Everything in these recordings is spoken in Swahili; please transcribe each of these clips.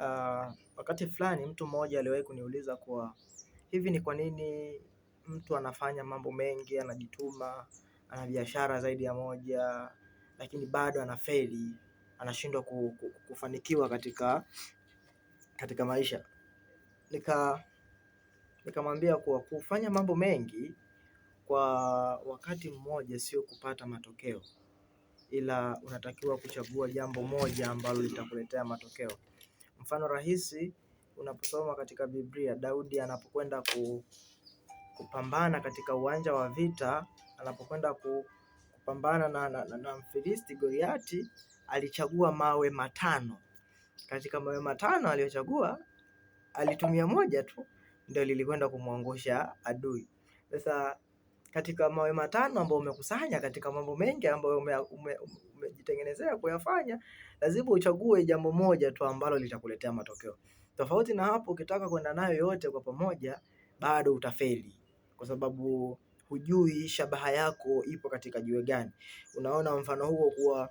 Uh, wakati fulani mtu mmoja aliwahi kuniuliza kuwa hivi ni kwa nini mtu anafanya mambo mengi, anajituma, ana biashara zaidi ya moja, lakini bado anafeli, anashindwa kufanikiwa katika katika maisha. Nika nikamwambia kuwa kufanya mambo mengi kwa wakati mmoja sio kupata matokeo, ila unatakiwa kuchagua jambo moja ambalo litakuletea matokeo. Mfano rahisi unaposoma katika Biblia, Daudi anapokwenda kupambana katika uwanja wa vita, anapokwenda kupambana na, na, na, na Mfilisti Goliati, alichagua mawe matano. Katika mawe matano aliyochagua, alitumia moja tu ndio lilikwenda kumwangusha adui. Sasa katika mawe matano ambayo umekusanya katika mambo mengi ambayo umejitengenezea ume, ume, kuyafanya, lazima uchague jambo moja tu ambalo litakuletea matokeo. Tofauti na hapo, ukitaka kwenda nayo yote kwa pamoja, bado utafeli kwa sababu hujui shabaha yako ipo katika jiwe gani. Unaona mfano huo kuwa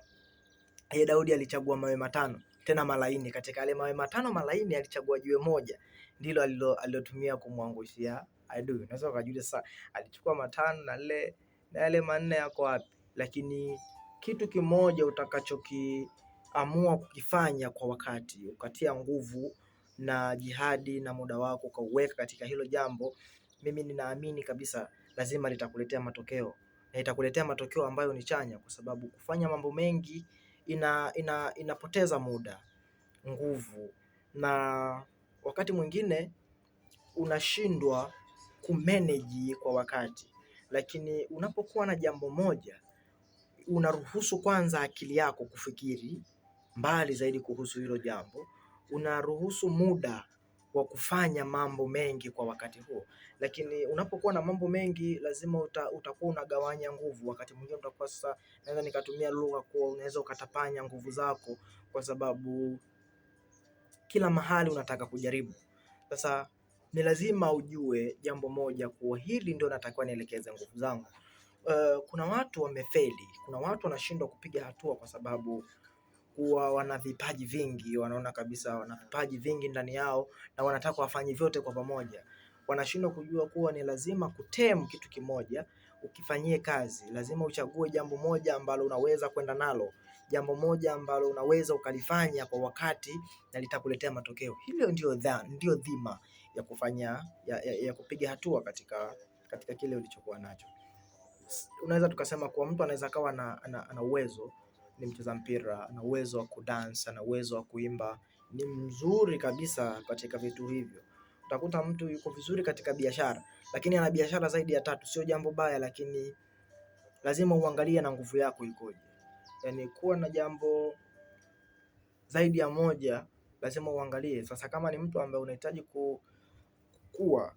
ye Daudi alichagua mawe matano tena malaini. Katika yale mawe matano malaini alichagua jiwe moja ndilo alilotumia kumwangushia adui. Unaweza ukajiuliza sasa, alichukua matano na yale na yale manne yako wapi? Lakini kitu kimoja utakachokiamua kukifanya kwa wakati, ukatia nguvu na jihadi na muda wako ukauweka katika hilo jambo, mimi ninaamini kabisa lazima litakuletea matokeo na itakuletea matokeo ambayo ni chanya, kwa sababu kufanya mambo mengi ina, ina inapoteza muda, nguvu na wakati mwingine unashindwa kumanage kwa wakati, lakini unapokuwa na jambo moja unaruhusu kwanza akili yako kufikiri mbali zaidi kuhusu hilo jambo, unaruhusu muda wa kufanya mambo mengi kwa wakati huo. Lakini unapokuwa na mambo mengi, lazima uta, utakuwa unagawanya nguvu. Wakati mwingine utakuwa sasa, naweza nikatumia lugha kuwa unaweza ukatapanya nguvu zako, kwa sababu kila mahali unataka kujaribu. Sasa ni lazima ujue jambo moja kuwa hili ndio natakiwa nielekeze nguvu zangu. Uh, kuna watu wamefeli, kuna watu wanashindwa kupiga hatua kwa sababu kuwa wana vipaji vingi, wanaona kabisa wana vipaji vingi ndani yao na wanataka wafanye vyote kwa pamoja. Wanashindwa kujua kuwa ni lazima kutem kitu kimoja ukifanyie kazi, lazima uchague jambo moja ambalo unaweza kwenda nalo, jambo moja ambalo unaweza ukalifanya kwa wakati na litakuletea matokeo. Hilo ndio dha, ndio dhima ya kufanya ya, ya, ya kupiga hatua katika, katika kile ulichokuwa nacho. Unaweza tukasema kuwa mtu anaweza akawa na, ana, ana uwezo ni mcheza mpira, ana uwezo wa kudansa, ana uwezo wa kuimba, ni mzuri kabisa katika vitu hivyo. Utakuta mtu yuko vizuri katika biashara, lakini ana biashara zaidi ya tatu. Sio jambo baya, lakini lazima uangalie na nguvu yako ikoje. Yani kuwa na jambo zaidi ya moja lazima uangalie. Sasa kama ni mtu ambaye unahitaji ku kuwa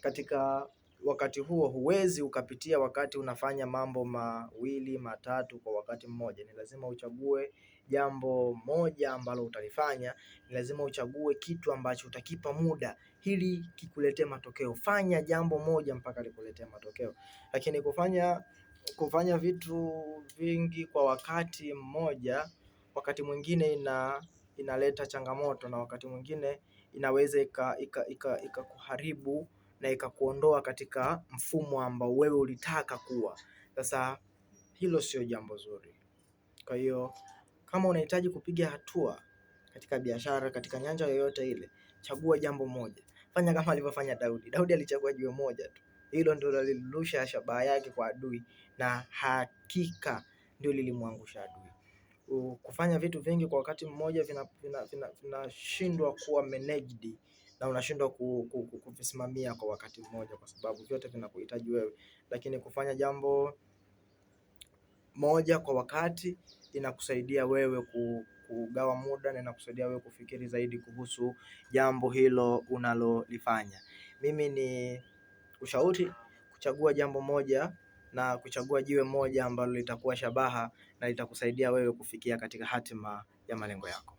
katika wakati huo huwezi ukapitia wakati unafanya mambo mawili matatu kwa wakati mmoja. Ni lazima uchague jambo moja ambalo utalifanya, ni lazima uchague kitu ambacho utakipa muda ili kikuletee matokeo. Fanya jambo moja mpaka likuletee matokeo, lakini kufanya kufanya vitu vingi kwa wakati mmoja, wakati mwingine ina inaleta changamoto na wakati mwingine inaweza ikakuharibu na ikakuondoa katika mfumo ambao wewe ulitaka kuwa. Sasa hilo sio jambo zuri. Kwa hiyo kama unahitaji kupiga hatua katika biashara, katika nyanja yoyote ile, chagua jambo moja. Fanya kama alivyofanya Daudi. Daudi alichagua jiwe moja tu, hilo ndio lilirusha shabaha yake kwa adui, na hakika ndio lilimwangusha adui kufanya vitu vingi kwa wakati mmoja vinashindwa vina, vina, vina kuwa managed na unashindwa kuvisimamia kwa wakati mmoja, kwa sababu vyote vinakuhitaji wewe. Lakini kufanya jambo moja kwa wakati inakusaidia wewe kugawa muda na inakusaidia wewe kufikiri zaidi kuhusu jambo hilo unalolifanya. Mimi ni ushauri kuchagua jambo moja na kuchagua jiwe moja ambalo litakuwa shabaha na litakusaidia wewe kufikia katika hatima ya malengo yako.